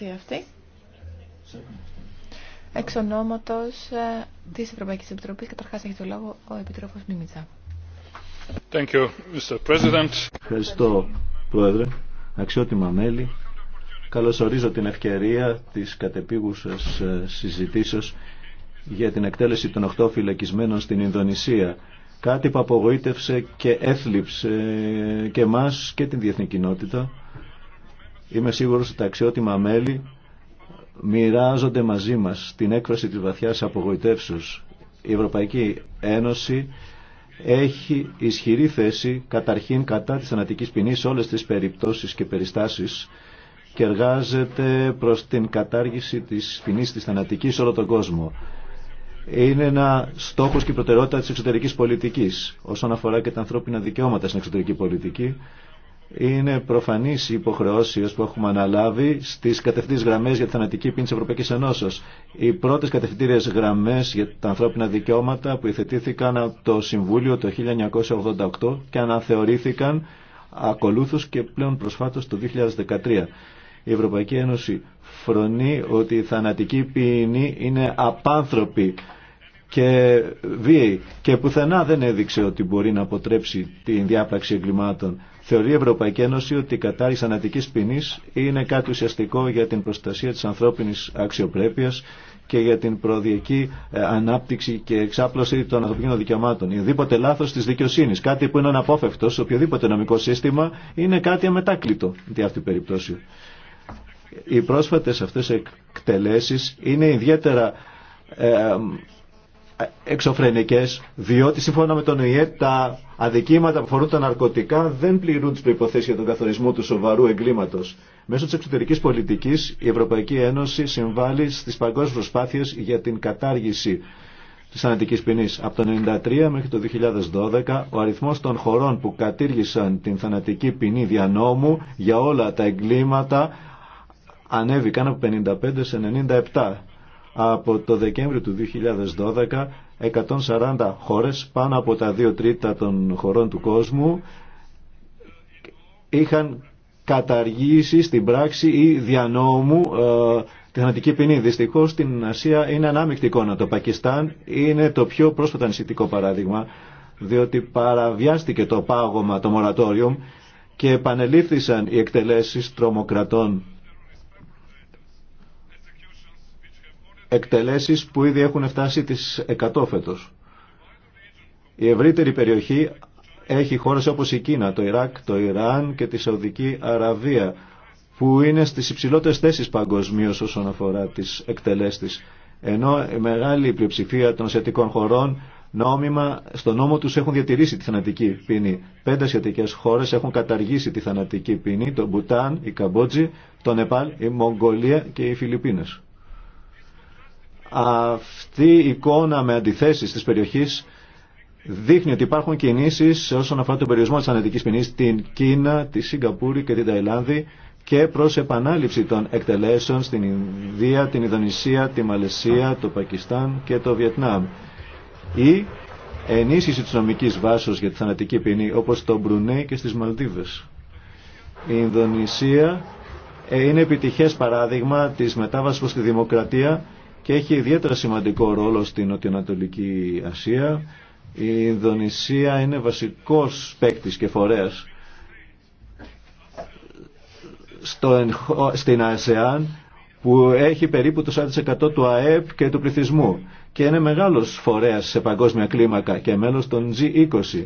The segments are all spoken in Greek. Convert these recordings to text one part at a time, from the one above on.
συζήτηση αυτή. Εξ ονόματος ε, της Ευρωπαϊκής Επιτροπής, καταρχάς έχει το λόγο ο Επιτρόπος Μίμητσα. Thank you, Mr. President. Ευχαριστώ, Πρόεδρε. Αξιότιμα μέλη. Καλωσορίζω την ευκαιρία της κατεπίγουσας ε, συζητήσεως για την εκτέλεση των 8 φυλακισμένων στην Ινδονησία. Κάτι που απογοήτευσε και έθλιψε ε, και εμάς και την διεθνή κοινότητα Είμαι σίγουρος ότι τα αξιότιμα μέλη μοιράζονται μαζί μας την έκφραση της βαθιάς απογοητεύσεως. Η Ευρωπαϊκή Ένωση έχει ισχυρή θέση καταρχήν κατά της θανατικής ποινής σε όλες τις περιπτώσεις και περιστάσεις και εργάζεται προς την κατάργηση της ποινή, της θανατικής σε όλο τον κόσμο. Είναι ένα στόχος και προτεραιότητα της εξωτερικής πολιτικής όσον αφορά και τα ανθρώπινα δικαιώματα στην εξωτερική πολιτική είναι προφανή η υποχρεώσει που έχουμε αναλάβει στι κατευθύνσει γραμμέ για τη θανατική ποινή τη Ευρωπαϊκή Ενώσεω. Οι πρώτε κατευθυντήριε γραμμέ για τα ανθρώπινα δικαιώματα που υθετήθηκαν από το Συμβούλιο το 1988 και αναθεωρήθηκαν ακολούθως και πλέον προσφάτω το 2013. Η Ευρωπαϊκή Ένωση φρονεί ότι η θανατική ποινή είναι απάνθρωπη και βίαιη και πουθενά δεν έδειξε ότι μπορεί να αποτρέψει την διάπραξη εγκλημάτων. Θεωρεί η Ευρωπαϊκή Ένωση ότι η κατάρριξη ανατικής ποινή είναι κάτι ουσιαστικό για την προστασία της ανθρώπινης αξιοπρέπειας και για την προοδιακή ε, ανάπτυξη και εξάπλωση των ανθρωπίνων δικαιωμάτων. Ιδήποτε λάθο τη δικαιοσύνη, κάτι που είναι αναπόφευκτο σε οποιοδήποτε νομικό σύστημα, είναι κάτι αμετάκλητο για αυτή την Οι πρόσφατες αυτές εκτελέσεις είναι ιδιαίτερα ε, εξωφρενικές, διότι σύμφωνα με τον ΟΗΕ τα αδικήματα που αφορούν τα ναρκωτικά δεν πληρούν τις προϋποθέσεις για τον καθορισμό του σοβαρού εγκλήματος. Μέσω της εξωτερικής πολιτικής η Ευρωπαϊκή Ένωση συμβάλλει στις παγκόσμιες προσπάθειες για την κατάργηση της θανατικής ποινής. Από το 1993 μέχρι το 2012 ο αριθμός των χωρών που κατήργησαν την θανατική ποινή δια νόμου για όλα τα εγκλήματα ανέβηκαν από 55 σε 97 από το Δεκέμβριο του 2012, 140 χώρες, πάνω από τα 2 τρίτα των χωρών του κόσμου, είχαν καταργήσει στην πράξη ή διανόμου ε, τη θανατική ποινή. Δυστυχώ στην Ασία είναι ανάμεικτη εικόνα. Το Πακιστάν είναι το πιο πρόσφατο ανησυχητικό παράδειγμα, διότι παραβιάστηκε το πάγωμα, το μορατόριο και επανελήφθησαν οι εκτελέσεις τρομοκρατών εκτελέσεις που ήδη έχουν φτάσει τις 100 φέτος. Η ευρύτερη περιοχή έχει χώρες όπως η Κίνα, το Ιράκ, το Ιράν και τη Σαουδική Αραβία που είναι στις υψηλότερες θέσεις παγκοσμίω όσον αφορά τις εκτελέσεις Ενώ η μεγάλη πλειοψηφία των ασιατικών χωρών νόμιμα στο νόμο τους έχουν διατηρήσει τη θανατική ποινή. Πέντε ασιατικές χώρες έχουν καταργήσει τη θανατική ποινή, το Μπουτάν, η Καμπότζη, το Νεπάλ, η Μογγολία και οι Φιλιππίνες. Αυτή η εικόνα με αντιθέσεις της περιοχής δείχνει ότι υπάρχουν κινήσεις όσον αφορά τον περιορισμό της ανετικής ποινής στην Κίνα, τη Σιγκαπούρη και την Ταϊλάνδη και προς επανάληψη των εκτελέσεων στην Ινδία, την Ιδονησία, τη Μαλαισία, το Πακιστάν και το Βιετνάμ. Ή ενίσχυση της νομικής βάσης για τη θανατική ποινή όπως στο Μπρουνέ και στις Μαλδίβες. Η Ινδονησία ε, είναι επιτυχές παράδειγμα της μετάβασης προς τη δημοκρατία έχει ιδιαίτερα σημαντικό ρόλο στην Νοτιοανατολική Ασία. Η Ινδονησία είναι βασικός παίκτη και φορέας στην ΑΣΕΑΝ που έχει περίπου το 40% του ΑΕΠ και του πληθυσμού και είναι μεγάλος φορέας σε παγκόσμια κλίμακα και μέλος των G20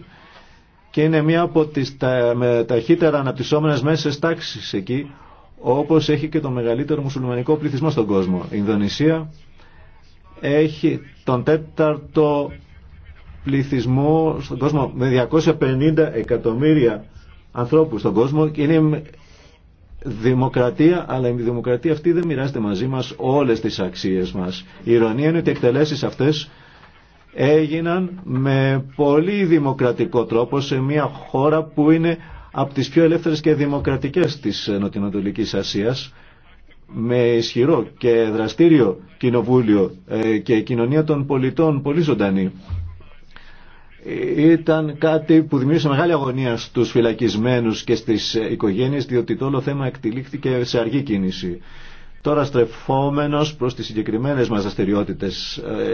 και είναι μία από τις τα, με, ταχύτερα αναπτυσσόμενες μέσες τάξεις εκεί όπως έχει και το μεγαλύτερο μουσουλμανικό πληθυσμό στον κόσμο. Η Ινδονησία έχει τον τέταρτο πληθυσμό στον κόσμο με 250 εκατομμύρια ανθρώπους στον κόσμο και είναι δημοκρατία, αλλά η δημοκρατία αυτή δεν μοιράζεται μαζί μας όλες τις αξίες μας. Η ηρωνία είναι ότι οι εκτελέσεις αυτές έγιναν με πολύ δημοκρατικό τρόπο σε μια χώρα που είναι από τις πιο ελεύθερες και δημοκρατικές της Νοτιοανατολικής Ασίας με ισχυρό και δραστήριο κοινοβούλιο ε, και κοινωνία των πολιτών πολύ ζωντανή ε, ήταν κάτι που δημιούργησε μεγάλη αγωνία στους φυλακισμένους και στις ε, οικογένειες διότι το όλο θέμα εκτελήχθηκε σε αργή κίνηση. Τώρα στρεφόμενος προς τις συγκεκριμένες μας δραστηριότητε.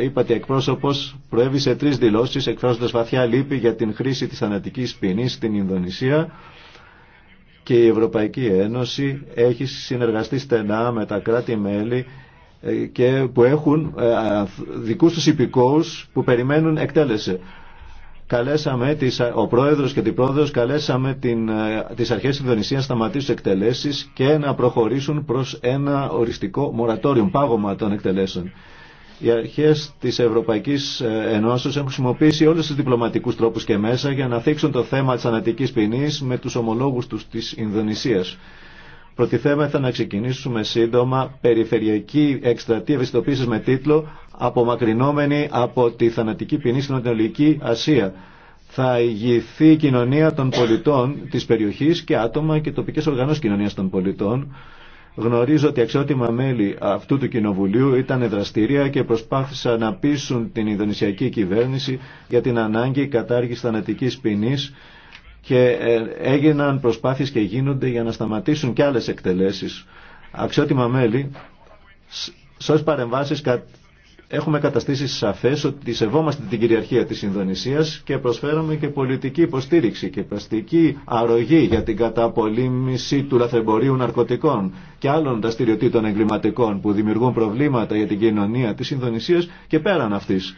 είπατε εκπρόσωπος προέβησε τρεις δηλώσεις εκφράζοντας βαθιά λύπη για την χρήση της θανατικής ποινής στην Ινδονησία και η Ευρωπαϊκή Ένωση έχει συνεργαστεί στενά με τα κράτη-μέλη ε, και που έχουν ε, δικούς τους υπηκόους που περιμένουν εκτέλεση. Καλέσαμε τις, ο πρόεδρος και την πρόεδρος καλέσαμε την, ε, τις αρχές της Ινδονησίας να σταματήσουν εκτελέσεις και να προχωρήσουν προς ένα οριστικό μορατόριο πάγωμα των εκτελέσεων. Οι αρχές της Ευρωπαϊκής Ενώσεως έχουν χρησιμοποιήσει όλους τους διπλωματικούς τρόπους και μέσα για να θίξουν το θέμα της ανατικής ποινής με τους ομολόγους τους της Ινδονησίας. Προτιθέμεθα να ξεκινήσουμε σύντομα περιφερειακή εκστρατεία ευαισθητοποίησης με τίτλο «Απομακρυνόμενη από τη θανατική ποινή στην Ανατολική Ασία». Θα ηγηθεί η κοινωνία των πολιτών της περιοχής και άτομα και τοπικές οργανώσεις κοινωνια των πολιτών Γνωρίζω ότι αξιότιμα μέλη αυτού του Κοινοβουλίου ήταν δραστηρία και προσπάθησαν να πείσουν την Ινδονησιακή κυβέρνηση για την ανάγκη κατάργηση θανατικής ποινή και ε, έγιναν προσπάθειες και γίνονται για να σταματήσουν και άλλες εκτελέσεις. Αξιότιμα μέλη, σε παρεμβάσεις Έχουμε καταστήσει σαφές ότι σεβόμαστε την κυριαρχία της Ινδονησίας και προσφέρουμε και πολιτική υποστήριξη και πραστική αρρωγή για την καταπολύμηση του λαθρεμπορίου ναρκωτικών και άλλων δραστηριοτήτων εγκληματικών που δημιουργούν προβλήματα για την κοινωνία της Ινδονησίας και πέραν αυτής.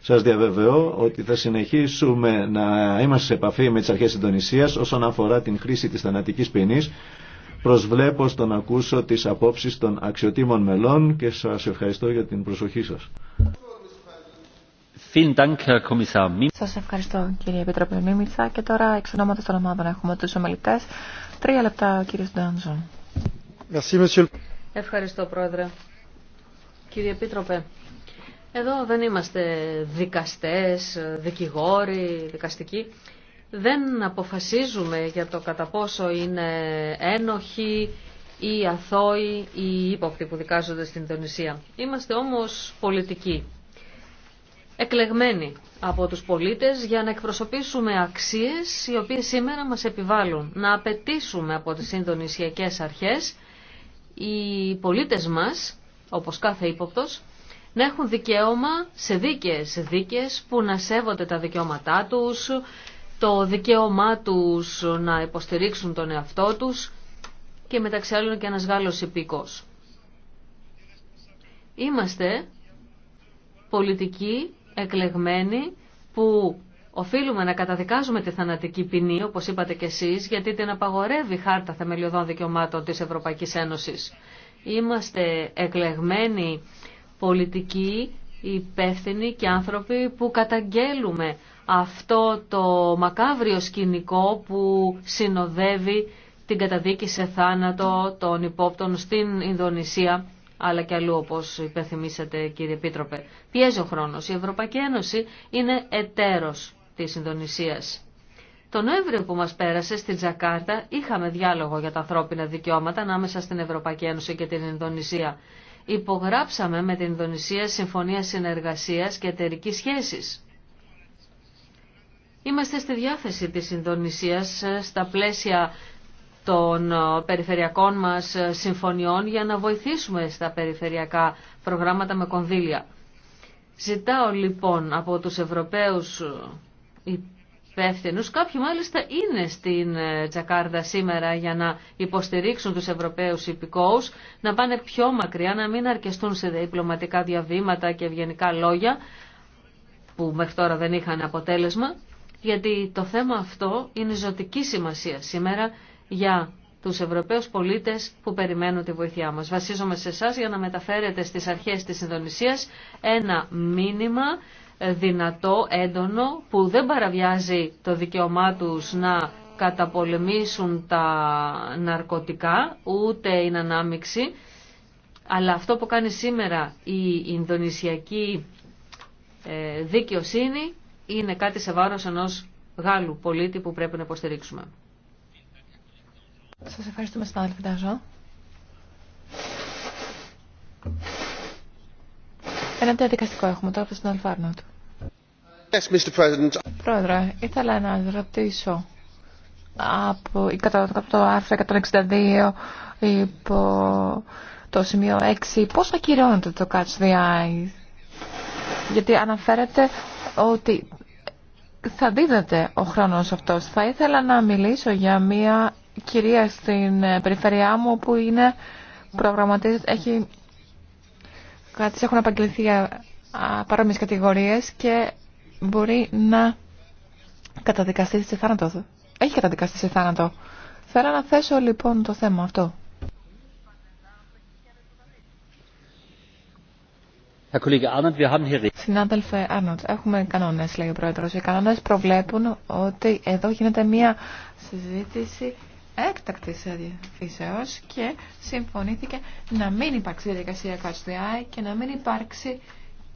Σας διαβεβαιώ ότι θα συνεχίσουμε να είμαστε σε επαφή με τις αρχές Ινδονησίας όσον αφορά την χρήση της θανατικής ποινής Προσβλέπω στο να ακούσω τις απόψεις των αξιοτήμων μελών και σας ευχαριστώ για την προσοχή σας. Σας ευχαριστώ κύριε Επιτροπή Μίμητσα και τώρα εξ ονόματος των ομάδων έχουμε του ομιλητές. Τρία λεπτά ο κύριος Ντάνζον. Ευχαριστώ πρόεδρε. Κύριε Επίτροπε, εδώ δεν είμαστε δικαστές, δικηγόροι, δικαστικοί δεν αποφασίζουμε για το κατά πόσο είναι ένοχοι ή αθώοι ή ύποπτοι που δικάζονται στην Ινδονησία. Είμαστε όμως πολιτικοί, εκλεγμένοι από τους πολίτες για να εκπροσωπήσουμε αξίες οι οποίες σήμερα μας επιβάλλουν. Να απαιτήσουμε από τις Ινδονησιακές αρχές οι πολίτες μας, όπως κάθε ύποπτος, να έχουν δικαίωμα σε δίκαιες δίκες που να σέβονται τα δικαιώματά τους, το δικαίωμά τους να υποστηρίξουν τον εαυτό τους και μεταξύ άλλων και ένας Γάλλος υπήκος. Είμαστε πολιτικοί εκλεγμένοι που οφείλουμε να καταδικάζουμε τη θανατική ποινή, όπως είπατε κι εσείς, γιατί την απαγορεύει η Χάρτα Θεμελιωδών Δικαιωμάτων της Ευρωπαϊκής Ένωσης. Είμαστε εκλεγμένοι πολιτικοί υπεύθυνοι και άνθρωποι που καταγγέλουμε αυτό το μακάβριο σκηνικό που συνοδεύει την καταδίκη σε θάνατο των υπόπτων στην Ινδονησία αλλά και αλλού όπως υπενθυμίσατε κύριε Επίτροπε. Πιέζει ο χρόνος. Η Ευρωπαϊκή Ένωση είναι εταίρος της Ινδονησίας. Το Νοέμβριο που μας πέρασε στη Τζακάρτα είχαμε διάλογο για τα ανθρώπινα δικαιώματα ανάμεσα στην Ευρωπαϊκή Ένωση και την Ινδονησία υπογράψαμε με την Ινδονησία Συμφωνία Συνεργασίας και Εταιρικής Σχέσης. Είμαστε στη διάθεση της Ινδονησίας ε, στα πλαίσια των ε, περιφερειακών μας ε, συμφωνιών για να βοηθήσουμε στα περιφερειακά προγράμματα με κονδύλια. Ζητάω λοιπόν από τους Ευρωπαίους υπεύθυνου. Κάποιοι μάλιστα είναι στην ε, Τζακάρδα σήμερα για να υποστηρίξουν τους Ευρωπαίους υπηκόους, να πάνε πιο μακριά, να μην αρκεστούν σε διπλωματικά διαβήματα και ευγενικά λόγια, που μέχρι τώρα δεν είχαν αποτέλεσμα, γιατί το θέμα αυτό είναι ζωτική σημασία σήμερα για τους Ευρωπαίους πολίτες που περιμένουν τη βοήθειά μας. Βασίζομαι σε εσά για να μεταφέρετε στις αρχές της Ινδονησίας ένα μήνυμα ε, δυνατό, έντονο, που δεν παραβιάζει το δικαίωμά τους να καταπολεμήσουν τα ναρκωτικά, ούτε η ανάμειξη. Αλλά αυτό που κάνει σήμερα η Ινδονησιακή ε, δικαιοσύνη είναι κάτι σε βάρος ενός Γάλλου πολίτη που πρέπει να υποστηρίξουμε. Σας ευχαριστούμε, συνάδελφε Νταζό. Ένα διαδικαστικό έχουμε τώρα στον τον Αλφάρνοτ. Yes, Mr. President. Πρόεδρε, ήθελα να ρωτήσω από, από το άρθρο 162 υπό το σημείο 6 πώς ακυρώνεται το Catch the Eye γιατί αναφέρεται ότι θα δίδεται ο χρόνος αυτός. Θα ήθελα να μιλήσω για μια κυρία στην ε, περιφερειά μου που είναι προγραμματίζεται, έχει κάτι έχουν απαγγελθεί για ε, κατηγορίε κατηγορίες και μπορεί να καταδικαστεί σε θάνατο. Έχει καταδικαστεί σε θάνατο. Θέλω να θέσω λοιπόν το θέμα αυτό. Συνάδελφε Άρνοντ, έχουμε κανόνε, λέει ο πρόεδρο. Οι κανόνε προβλέπουν ότι εδώ γίνεται μία συζήτηση Έκτακτη φύσεω και συμφωνήθηκε να μην υπάρξει διαδικασία ΚΑΣΤΙΑΙ και να μην υπάρξει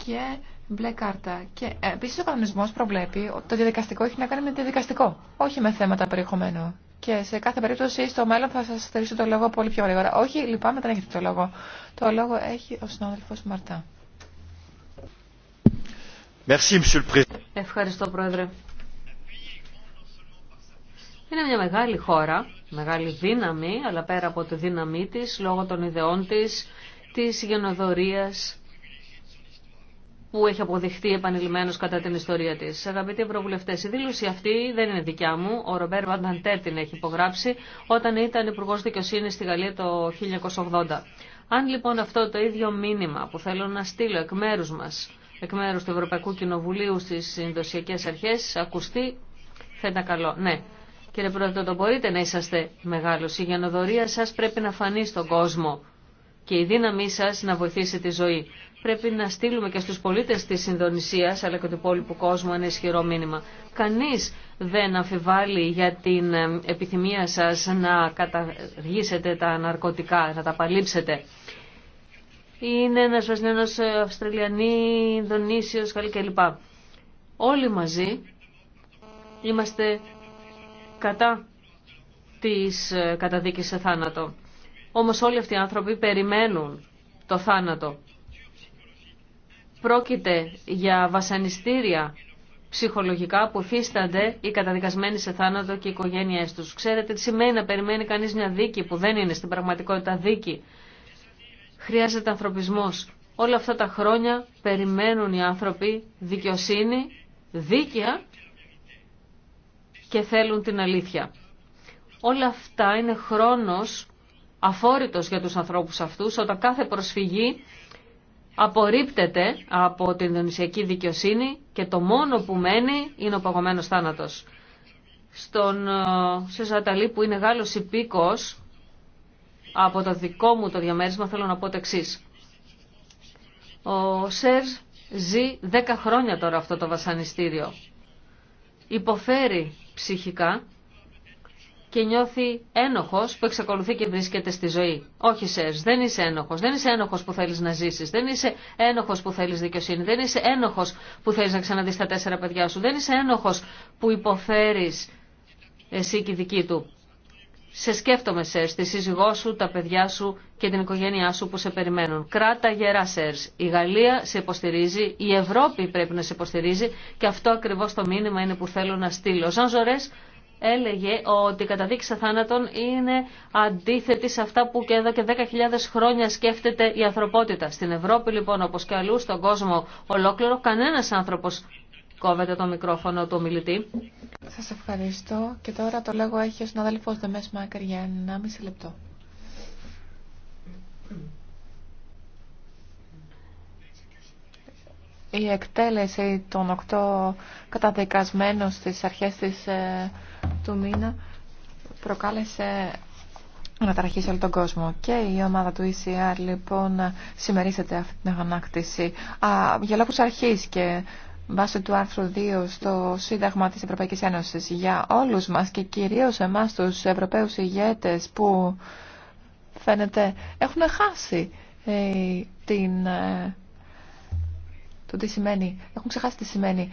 και μπλε κάρτα. Και ε, επίση ο κανονισμό προβλέπει ότι το διαδικαστικό έχει να κάνει με το διαδικαστικό, όχι με θέματα περιεχομένου. Και σε κάθε περίπτωση στο μέλλον θα σα θερήσω το λόγο πολύ πιο γρήγορα. Όχι, λυπάμαι, δεν έχετε το λόγο. Το λόγο έχει ο συνάδελφο Μαρτά. Ευχαριστώ, Πρόεδρε. Είναι μια μεγάλη χώρα μεγάλη δύναμη, αλλά πέρα από τη δύναμή της, λόγω των ιδεών της, της γενοδορίας που έχει αποδειχθεί επανειλημμένος κατά την ιστορία της. Αγαπητοί Ευρωβουλευτές, η δήλωση αυτή δεν είναι δικιά μου. Ο Ρομπέρ Βανταντέρ την έχει υπογράψει όταν ήταν υπουργό δικαιοσύνη στη Γαλλία το 1980. Αν λοιπόν αυτό το ίδιο μήνυμα που θέλω να στείλω εκ μέρους μας, εκ μέρους του Ευρωπαϊκού Κοινοβουλίου στις Ινδοσιακές Αρχές, ακουστεί, θα ήταν καλό. Ναι, Κύριε Πρόεδρε, το μπορείτε να είσαστε μεγάλος. Η γενοδορία σας πρέπει να φανεί στον κόσμο και η δύναμή σας να βοηθήσει τη ζωή. Πρέπει να στείλουμε και στους πολίτες της Ινδονησίας αλλά και του υπόλοιπου κόσμου ένα ισχυρό μήνυμα. Κανείς δεν αμφιβάλλει για την ε, επιθυμία σας να καταργήσετε τα ναρκωτικά, να τα παλύψετε. Είναι ένας βασιλιανό ε, Αυστραλιανή, Ινδονήσιος κλπ. Όλοι μαζί είμαστε κατά της ε, καταδίκης σε θάνατο. Όμως όλοι αυτοί οι άνθρωποι περιμένουν το θάνατο. Πρόκειται για βασανιστήρια ψυχολογικά που φύστανται οι καταδικασμένοι σε θάνατο και οι οικογένειές τους. Ξέρετε τι σημαίνει να περιμένει κανείς μια δίκη που δεν είναι στην πραγματικότητα δίκη. Χρειάζεται ανθρωπισμός. Όλα αυτά τα χρόνια περιμένουν οι άνθρωποι δικαιοσύνη, δίκαια και θέλουν την αλήθεια. Όλα αυτά είναι χρόνος αφόρητος για τους ανθρώπους αυτούς όταν κάθε προσφυγή απορρίπτεται από την Ινδονησιακή δικαιοσύνη και το μόνο που μένει είναι ο παγωμένος θάνατος. Στον ε, Σεζαταλή που είναι Γάλλος υπήκος από το δικό μου το διαμέρισμα θέλω να πω το εξής. Ο Σερ ζει 10 χρόνια τώρα αυτό το βασανιστήριο υποφέρει ψυχικά και νιώθει ένοχος που εξακολουθεί και βρίσκεται στη ζωή. Όχι σε. δεν είσαι ένοχος, δεν είσαι ένοχος που θέλεις να ζήσεις, δεν είσαι ένοχος που θέλεις δικαιοσύνη, δεν είσαι ένοχος που θέλεις να ξαναδείς τα τέσσερα παιδιά σου, δεν είσαι ένοχος που υποφέρεις εσύ και η δική του σε σκέφτομαι, Σέρ, τη σύζυγό σου, τα παιδιά σου και την οικογένειά σου που σε περιμένουν. Κράτα γερά, Σέρς. Η Γαλλία σε υποστηρίζει, η Ευρώπη πρέπει να σε υποστηρίζει και αυτό ακριβώ το μήνυμα είναι που θέλω να στείλω. Ζαν Ζωρέ έλεγε ότι η καταδίκη σε θάνατον είναι αντίθετη σε αυτά που και εδώ και 10.000 χρόνια σκέφτεται η ανθρωπότητα. Στην Ευρώπη λοιπόν, όπω και αλλού στον κόσμο ολόκληρο, κανένα άνθρωπο κόβεται το μικρόφωνο του ομιλητή σας ευχαριστώ και τώρα το λέγω έχει ο συνάδελφος Δεμές Μάκερ για 1,5 λεπτό. Η εκτέλεση των οκτώ καταδικασμένων στις αρχές της, ε, του μήνα προκάλεσε να σε όλο τον κόσμο. Και η ομάδα του ECR λοιπόν συμμερίζεται αυτή την αγανάκτηση. Α, για λόγους αρχής και βάσει του άρθρου 2 στο Σύνταγμα της Ευρωπαϊκής Ένωσης για όλους μας και κυρίως εμάς τους Ευρωπαίους ηγέτες που φαίνεται έχουν χάσει ε, την, ε, το τι σημαίνει, έχουν ξεχάσει τι σημαίνει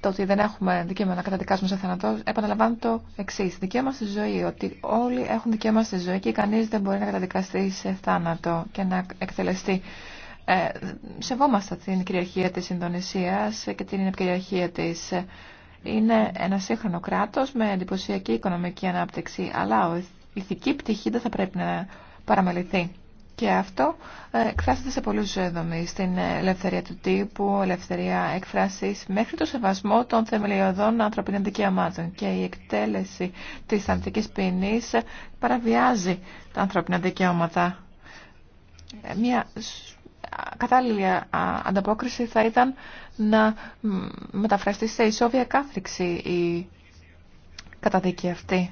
το ότι δεν έχουμε δικαίωμα να καταδικάσουμε σε θάνατο, επαναλαμβάνω το εξή. Δικαίωμα στη ζωή. Ότι όλοι έχουν δικαίωμα στη ζωή και κανεί δεν μπορεί να καταδικαστεί σε θάνατο και να εκτελεστεί ε, σεβόμαστε την κυριαρχία της Ινδονησίας και την επικυριαρχία της. Είναι ένα σύγχρονο κράτος με εντυπωσιακή οικονομική ανάπτυξη, αλλά η ηθική πτυχή δεν θα πρέπει να παραμεληθεί. Και αυτό ε, εκφράζεται σε πολλούς δομείς, στην ελευθερία του τύπου, ελευθερία εκφράσης, μέχρι το σεβασμό των θεμελιωδών ανθρωπίνων δικαιωμάτων. Και η εκτέλεση της ανθικής ποινής παραβιάζει τα ανθρώπινα δικαιώματα. Ε, κατάλληλη ε, ανταπόκριση θα ήταν να μεταφραστεί σε ισόβια κάθριξη η καταδίκη αυτή.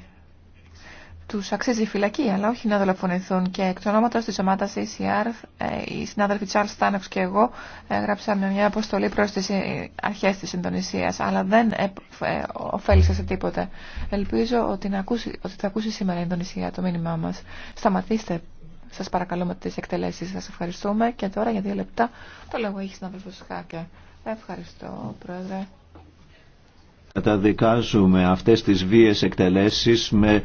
Τους αξίζει η φυλακή, αλλά όχι να δολοφονηθούν. Και εκ του ονόματος της ομάδας ECR, ε, οι συνάδελφοι Charles Stanox και εγώ ε, γράψαμε μια αποστολή προς τις αρχές της Ινδονησίας, αλλά δεν ωφέλησε σε τίποτε. Ελπίζω ότι, να ότι θα ακούσει σήμερα η Ινδονησία το μήνυμά μας. Σταματήστε σας παρακαλώ με τις εκτελέσεις σας ευχαριστούμε και τώρα για δύο λεπτά το λόγο έχει συνάδελφος Χάκε. Ευχαριστώ Πρόεδρε. Καταδικάζουμε αυτές τις βίες εκτελέσεις με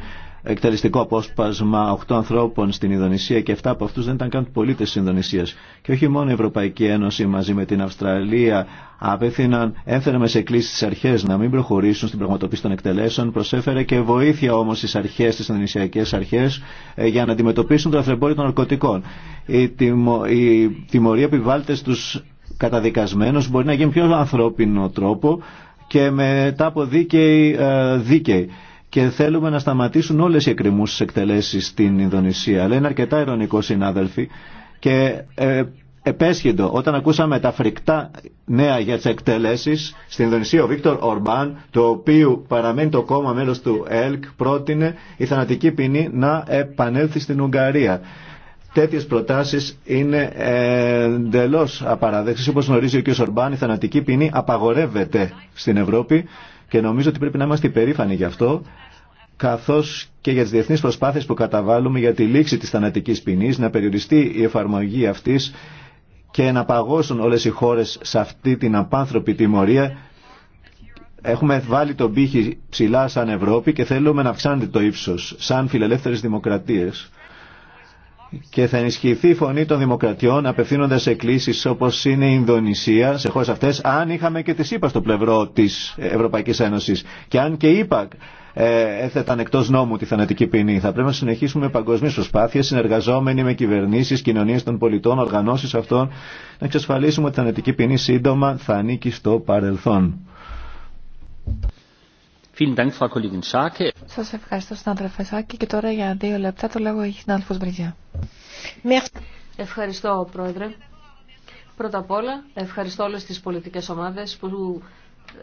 εκτελεστικό απόσπασμα 8 ανθρώπων στην Ινδονησία και 7 από αυτού δεν ήταν καν πολίτε τη Ινδονησία. Και όχι μόνο η Ευρωπαϊκή Ένωση μαζί με την Αυστραλία απέθυναν σε εκκλήσει τι αρχέ να μην προχωρήσουν στην πραγματοποίηση των εκτελέσεων. Προσέφερε και βοήθεια όμω στι αρχέ, στι Ινδονησιακέ αρχέ, ε, για να αντιμετωπίσουν το αθρεμπόριο των ναρκωτικών. Η, τιμω, η τιμωρία επιβάλλεται στου καταδικασμένους μπορεί να γίνει πιο ανθρώπινο τρόπο και μετά από δίκαιη ε, δίκαιη και θέλουμε να σταματήσουν όλες οι εκκρεμούσεις εκτελέσεις στην Ινδονησία. Αλλά είναι αρκετά ειρωνικό συνάδελφοι και ε, επέσχυντο όταν ακούσαμε τα φρικτά νέα για τις εκτελέσεις στην Ινδονησία ο Βίκτορ Ορμπάν το οποίο παραμένει το κόμμα μέλος του ΕΛΚ πρότεινε η θανατική ποινή να επανέλθει στην Ουγγαρία. Τέτοιε προτάσει είναι ε, εντελώ απαραδέξεις. Όπω γνωρίζει ο κ. Ορμπάν η θανατική ποινή απαγορεύεται στην Ευρώπη και νομίζω ότι πρέπει να είμαστε υπερήφανοι γι' αυτό καθώς και για τις διεθνείς προσπάθειες που καταβάλουμε για τη λήξη της θανατικής ποινή, να περιοριστεί η εφαρμογή αυτής και να παγώσουν όλες οι χώρες σε αυτή την απάνθρωπη τιμωρία. Έχουμε βάλει τον πύχη ψηλά σαν Ευρώπη και θέλουμε να αυξάνεται το ύψος σαν φιλελεύθερες δημοκρατίες και θα ενισχυθεί η φωνή των δημοκρατιών απευθύνοντας εκκλήσεις όπως είναι η Ινδονησία σε χώρες αυτές αν είχαμε και τις ΕΠΑ στο πλευρό της Ευρωπαϊκής Ένωσης και αν και η ε, έθεταν εκτός νόμου τη θανατική ποινή. Θα πρέπει να συνεχίσουμε παγκοσμίες προσπάθειες συνεργαζόμενοι με κυβερνήσεις, κοινωνίες των πολιτών, οργανώσεις αυτών να εξασφαλίσουμε ότι η θανατική ποινή σύντομα θα ανήκει στο παρελθόν. Σα ευχαριστώ συνάδελφε Σάκη και τώρα για δύο λεπτά το λέγω έχει Άλφο Μπριζιά. Ευχαριστώ, Πρόεδρε. Πρώτα απ' όλα, ευχαριστώ όλες τις πολιτικές ομάδες που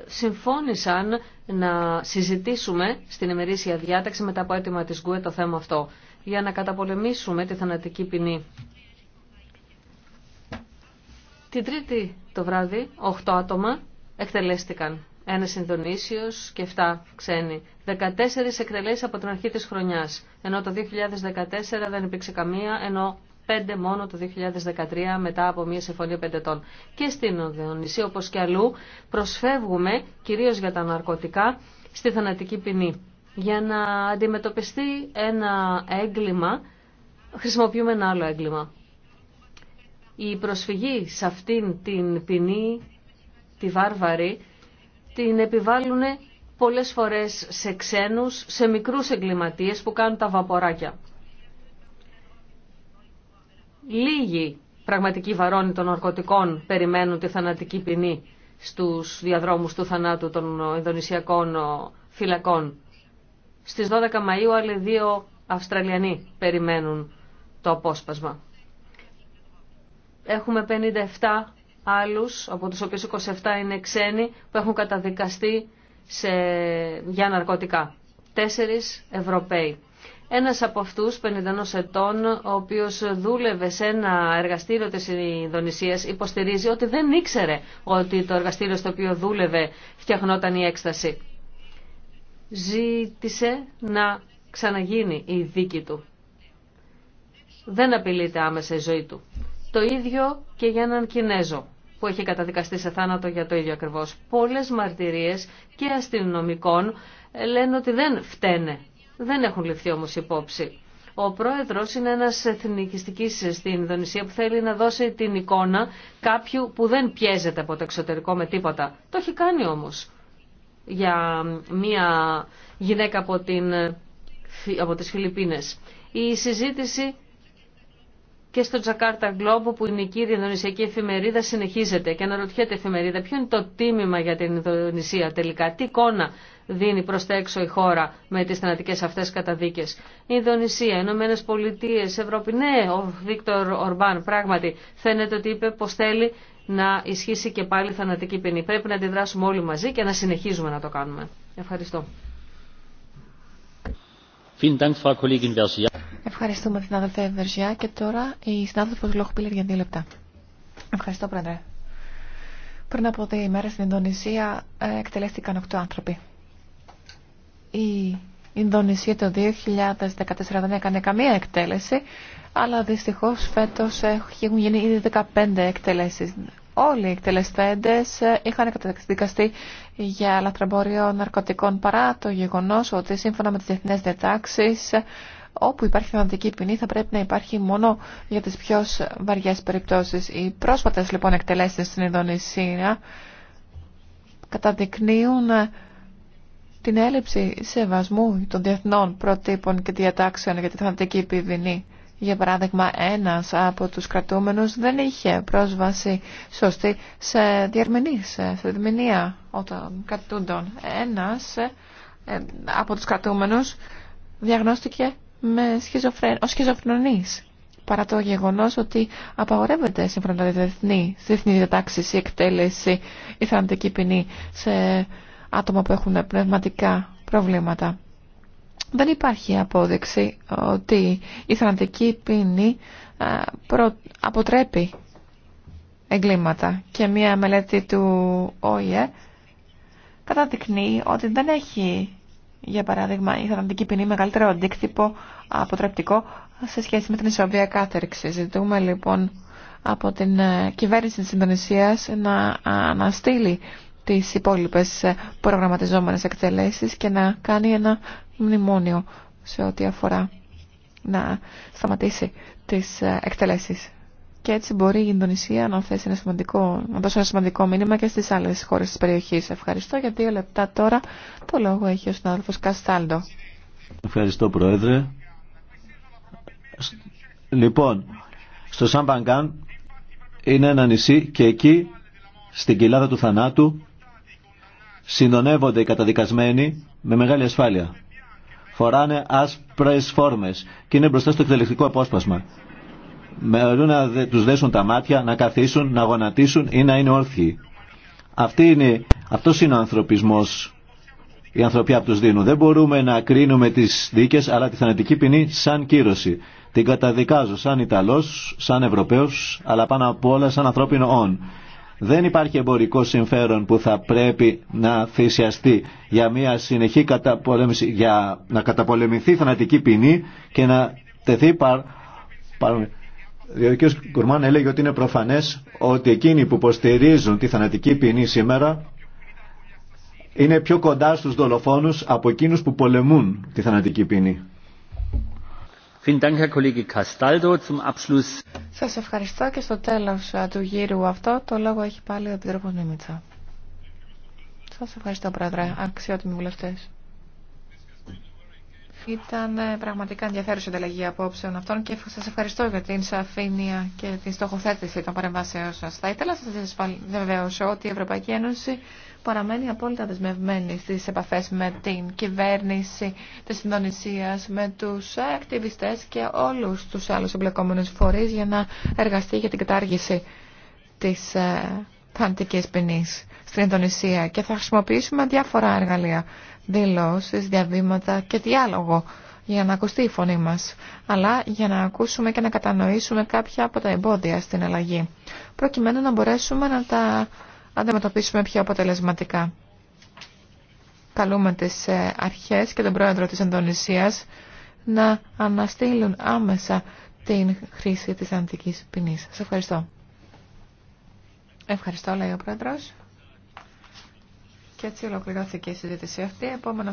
συμφώνησαν να συζητήσουμε στην ημερήσια διάταξη μετά από έτοιμα της ΓΚΟΕ το θέμα αυτό, για να καταπολεμήσουμε τη θανατική ποινή. Την Τρίτη το βράδυ, 8 άτομα εκτελέστηκαν ένα Ινδονήσιο και 7 ξένοι. 14 εκτελέσει από την αρχή τη χρονιά. Ενώ το 2014 δεν υπήρξε καμία, ενώ 5 μόνο το 2013 μετά από μια συμφωνία 5 ετών. Και στην Οδεονησή, όπω και αλλού, προσφεύγουμε κυρίω για τα ναρκωτικά στη θανατική ποινή. Για να αντιμετωπιστεί ένα έγκλημα, χρησιμοποιούμε ένα άλλο έγκλημα. Η προσφυγή σε αυτήν την ποινή, τη βάρβαρη, την επιβάλλουν πολλές φορές σε ξένους, σε μικρούς εγκληματίες που κάνουν τα βαποράκια. Λίγοι πραγματικοί βαρώνοι των ναρκωτικών περιμένουν τη θανατική ποινή στους διαδρόμους του θανάτου των Ινδονησιακών φυλακών. Στις 12 Μαΐου άλλοι δύο Αυστραλιανοί περιμένουν το απόσπασμα. Έχουμε 57 άλλους, από τους οποίους 27 είναι ξένοι, που έχουν καταδικαστεί σε... για ναρκωτικά. Τέσσερις Ευρωπαίοι. Ένας από αυτούς, 51 ετών, ο οποίος δούλευε σε ένα εργαστήριο της Ινδονησίας, υποστηρίζει ότι δεν ήξερε ότι το εργαστήριο στο οποίο δούλευε φτιαχνόταν η έκσταση. Ζήτησε να ξαναγίνει η δίκη του. Δεν απειλείται άμεσα η ζωή του. Το ίδιο και για έναν Κινέζο που έχει καταδικαστεί σε θάνατο για το ίδιο ακριβώς. Πολλές μαρτυρίες και αστυνομικών λένε ότι δεν φταίνε. Δεν έχουν ληφθεί όμως υπόψη. Ο πρόεδρος είναι ένας εθνικιστικής στην Ινδονησία που θέλει να δώσει την εικόνα κάποιου που δεν πιέζεται από το εξωτερικό με τίποτα. Το έχει κάνει όμως για μια γυναίκα από, την, από τις Φιλιππίνες. Η συζήτηση και στο Τζακάρτα Γκλόμπου, που είναι η κύρια Ινδονησιακή εφημερίδα συνεχίζεται και αναρωτιέται η εφημερίδα ποιο είναι το τίμημα για την Ινδονησία τελικά, τι εικόνα δίνει προς τα έξω η χώρα με τις θανατικές αυτές καταδίκες. Η Ινδονησία, Ηνωμένε Πολιτείε, Ευρώπη, ναι, ο Βίκτορ Ορμπάν πράγματι φαίνεται ότι είπε πως θέλει να ισχύσει και πάλι θανατική ποινή. Πρέπει να αντιδράσουμε όλοι μαζί και να συνεχίζουμε να το κάνουμε. Ευχαριστώ. Ευχαριστούμε την αδελφέ Βερζιά και τώρα η συνάδελφος Λόχπιλερ για δύο λεπτά. Ευχαριστώ πρόεδρε. Πριν από δύο ημέρες στην Ινδονησία ε, εκτελέστηκαν οκτώ άνθρωποι. Η Ινδονησία το 2014 δεν έκανε καμία εκτέλεση, αλλά δυστυχώς φέτος έχουν γίνει ήδη 15 εκτελέσεις όλοι οι εκτελεστέντες ε, είχαν καταδικαστεί για λαθρεμπόριο ναρκωτικών παρά το γεγονός ότι σύμφωνα με τις διεθνές διατάξεις ε, όπου υπάρχει θεματική ποινή θα πρέπει να υπάρχει μόνο για τις πιο βαριές περιπτώσεις. Οι πρόσφατες λοιπόν εκτελέσεις στην Ινδονησία καταδεικνύουν ε, την έλλειψη σεβασμού των διεθνών προτύπων και διατάξεων για τη θεματική ποινή. Για παράδειγμα, ένας από τους κρατούμενους δεν είχε πρόσβαση σωστή σε διερμηνή, σε διερμηνία όταν κατούντων. Ένας ε, από τους κρατούμενους διαγνώστηκε με σχιζοφρέ... ως σχιζοφρονής παρά το γεγονός ότι απαγορεύεται σύμφωνα με διεθνή, διεθνή διατάξεις η εκτέλεση, η θανατική ποινή σε άτομα που έχουν πνευματικά προβλήματα δεν υπάρχει απόδειξη ότι η πίνη ποινή ε, αποτρέπει εγκλήματα. Και μία μελέτη του ΟΗΕ καταδεικνύει ότι δεν έχει, για παράδειγμα, η θανατική ποινή μεγαλύτερο αντίκτυπο αποτρεπτικό σε σχέση με την ισοβία κάθερξη. Ζητούμε λοιπόν από την ε, κυβέρνηση της Ινδονησίας να αναστείλει τις υπόλοιπες ε, προγραμματιζόμενες εκτελέσεις και να κάνει ένα μνημόνιο σε ό,τι αφορά να σταματήσει τις ε, εκτελέσεις. Και έτσι μπορεί η Ινδονησία να, θέσει ένα σημαντικό, να δώσει ένα σημαντικό μήνυμα και στις άλλες χώρες της περιοχής. Ευχαριστώ για δύο λεπτά τώρα. Το λόγο έχει ο συνάδελφος Καστάλντο. Ευχαριστώ Πρόεδρε. Λοιπόν, στο Σαμπαγκάν είναι ένα νησί και εκεί στην κοιλάδα του θανάτου συνονεύονται οι καταδικασμένοι με μεγάλη ασφάλεια φοράνε άσπρες φόρμες και είναι μπροστά στο εκτελεστικό απόσπασμα. Μερούν να τους δέσουν τα μάτια, να καθίσουν, να γονατίσουν ή να είναι όρθιοι. Αυτή είναι, αυτός είναι ο ανθρωπισμός, η να ειναι ορθιοι αυτο ειναι αυτος ειναι ο ανθρωπισμος η ανθρωπια που τους δίνουν. Δεν μπορούμε να κρίνουμε τις δίκες αλλά τη θανατική ποινή σαν κύρωση. Την καταδικάζω σαν Ιταλός, σαν Ευρωπαίος, αλλά πάνω απ' όλα σαν ανθρώπινο όν. Δεν υπάρχει εμπορικό συμφέρον που θα πρέπει να θυσιαστεί για μια συνεχή καταπολέμηση, για να καταπολεμηθεί θανατική ποινή και να τεθεί παρ... παρ ο κ. Κουρμάν έλεγε ότι είναι προφανές ότι εκείνοι που υποστηρίζουν τη θανατική ποινή σήμερα είναι πιο κοντά στους δολοφόνους από εκείνους που πολεμούν τη θανατική ποινή. Σας ευχαριστώ και στο τέλος ε, του γύρου αυτό το λόγο έχει πάλι ο Επιτρόπος Μίμητσα. Σας ευχαριστώ, Πρόεδρε, αξιότιμοι βουλευτές. Ήταν ε, πραγματικά ενδιαφέρουσα η ανταλλαγή απόψεων αυτών και σα ευχαριστώ για την σαφήνεια και την στοχοθέτηση των παρεμβάσεών σα. Θα ήθελα να σα βεβαιώσω ότι η Ευρωπαϊκή Ένωση παραμένει απόλυτα δεσμευμένη στι επαφέ με την κυβέρνηση τη Ινδονησία, με του ακτιβιστέ και όλου του άλλου εμπλεκόμενου φορεί για να εργαστεί για την κατάργηση τη ε, θανατική ποινή στην Ινδονησία. Και θα χρησιμοποιήσουμε διάφορα εργαλεία δηλώσεις, διαβήματα και διάλογο για να ακουστεί η φωνή μας, αλλά για να ακούσουμε και να κατανοήσουμε κάποια από τα εμπόδια στην αλλαγή, προκειμένου να μπορέσουμε να τα αντιμετωπίσουμε πιο αποτελεσματικά. Καλούμε τις ε, αρχές και τον πρόεδρο της Αντωνησίας να αναστείλουν άμεσα την χρήση της αντικής ποινής. Σας ευχαριστώ. Ευχαριστώ, λέει ο πρόεδρος. Και έτσι ολοκληρώθηκε η συζήτηση αυτή. Επόμενο